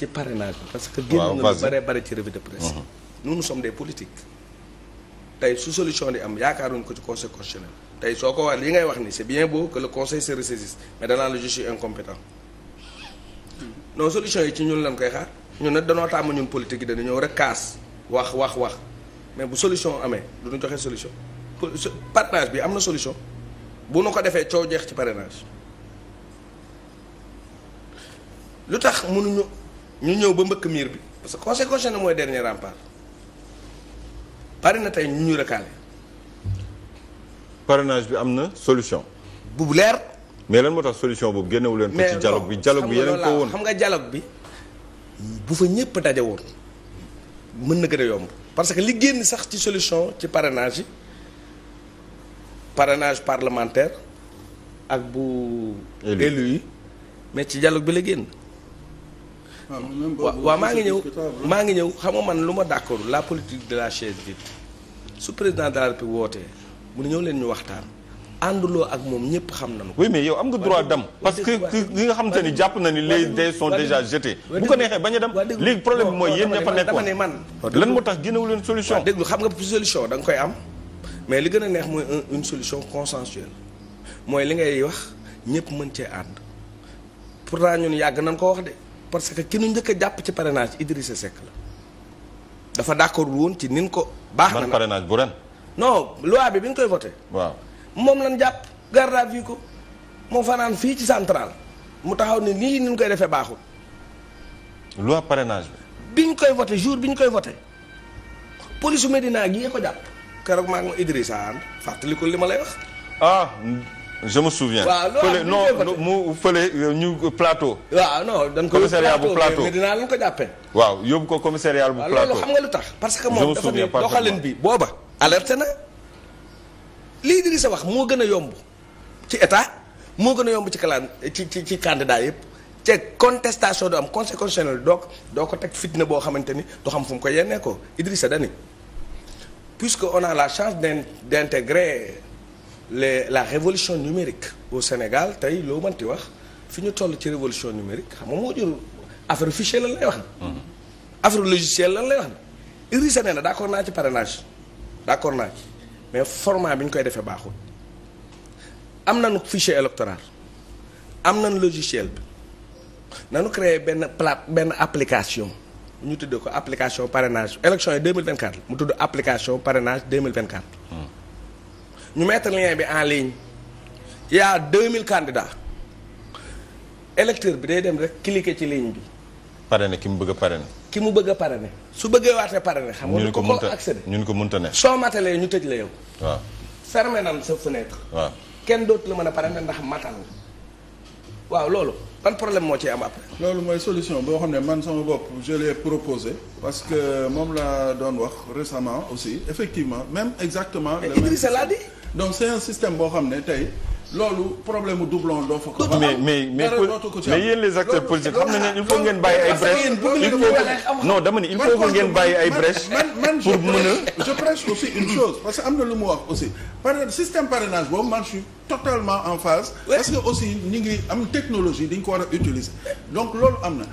ci parrainage bi parce que génn na lu bare bare ci revue de presse mhm. nous nous sommes des politiques su solution di am yaakaar yaakaaruñ ko ci conseil constitutionnel tey soo ko wax li ngay wax ni c'est bien boo que le conseil se ressaisisse mais danaa la je incompétent non solution yi ci ñun lañ koy xaar ñu ne danoo tàmm ñun politique yi dañu ñëw rek kaas wax wax wax mais bu solution amee du ñu joxe solution parrainage bi am na solution bu nu ko defee coow jeex ci parrainage ñu ñëw ba mbëkk miir bi parce que conseil constitutionnel mooy dernier rempart bari na tey ñu ñu recalé. parrainage bi am na solution. bu leer. mais lan moo tax solution boobu génnewu leen. ko ci dialogue bi dialogue bi yeneen ko woon xam nga dialogue bi. bu fa ñëpp daje woon mën na gën a yomb parce que li génn sax ci solution ci parrainage yi parrainage parlementaire ak bu. élu yi mais ci dialogue bi la génn. waa maa ngi ñëw maa ngi ñëw xam nga man lu ma d'accord la politique de la chaise vide su président de la wootee mu ne ñëw leen ñu waxtaan ànduloo ak moom ñëpp xam nañu ko. oui mais yow nga droit dem parce que nga xamante ni jàpp na ni les dés sont déjà jetés. ko neexee bañ a dem léegi problème bi mooy yéen ña fa nekkoon lan moo tax leen solution. déglu xam nga solution da nga koy am mais li gën a neex mooy une solution consensuelle mooy li ngay wax ñëpp mën cee ànd pourtant ñun yàgg nañ ko wax de. parce que ki nu njëkk jàpp ci parrainage Idrissa Seck la dafa d'accord woon ci nin ko baax na parrainage bu ren non loi bi bi koy voté waaw moom lan jàpp garde à ko moo fanaan fii ci central mu taxaw ne nii ni koy defee baaxul loi parenage bi bi ñu koy voté jour bi ñu koy voté police Medina gii ko jàpp keroog maa ngi ma Idrissa ànd fàttali ko li ma lay wax ah, je me souviens. waaw fële mu fële euh, ñu euh, plateau. waaw non dañ ko commissariat bu plateau mais dinaa leen ko jàppee. waaw yóbbu ko commissariat bu plateau loolu xam nga lu tax. parce que moom dafa ne doxalin bi booba. alerte na lii wax moo gën a yomb ci état moo gën a yomb ci kalaan ci ci ci candidat yëpp te contestation du am conseil constitutionnel donc doo ko teg fitna boo xamante ni du xam fu mu ko yennee ko Idrissa Dany puisque on a la chance d'intégrer les la révolution numérique au Sénégal tey loo mënti wax fi ñu toll ci révolution numérique xam nga moo jur affaire fichier lan lay wax na mm-hmm. affaire logiciel lan lay wax na Idrissa na d'accord naa ci parrainage d'accord naa ci mais format bi ñu koy defee baaxul am nañu fichier électoral am nañu logiciel bi nañu créé benn plate benn application ñu tuddee ko application parrainage élection yi 2024 la mu tudd application parrainage 2024 ñu mettre lien bi en lii yaa deux mille 2000 candidats électeur bi day dem rek cliquer ci ligne bi. parrainé ki mu bëgg a parrainé. ki mu bëgg a parrainé su bëggee waatee parrainé. xam nga ko koo accédé ñun ko mënta ne. soo matalee ñu tëj la yow. waaw fermé nañ sa fenêtre. waaw kenn dootu la mën a parrainé ndax matal waaw loolu ban problème moo ci am après. loolu mooy solution boo xam ne man sama bopp jëlee l'ai proposé parce que moom laa doon wax récemment aussi effectivement même exactement. le même Idrissa l'a donc c' est un système boo xam ne tey loolu problème mu doublon doo fa ko. mais mais mais mais yéen les acteurs politiques xam nañ ne il faut ngeen il faut non dama ni il faut que ngeen bàyyi ay brèches. pour mën a je prêche aussi une chose parce que am na lu mu wax aussi par système parrainage boobu man je suis en phase. parce que aussi ñu ngi am technologie dañ ko war a utiliser donc loolu am na.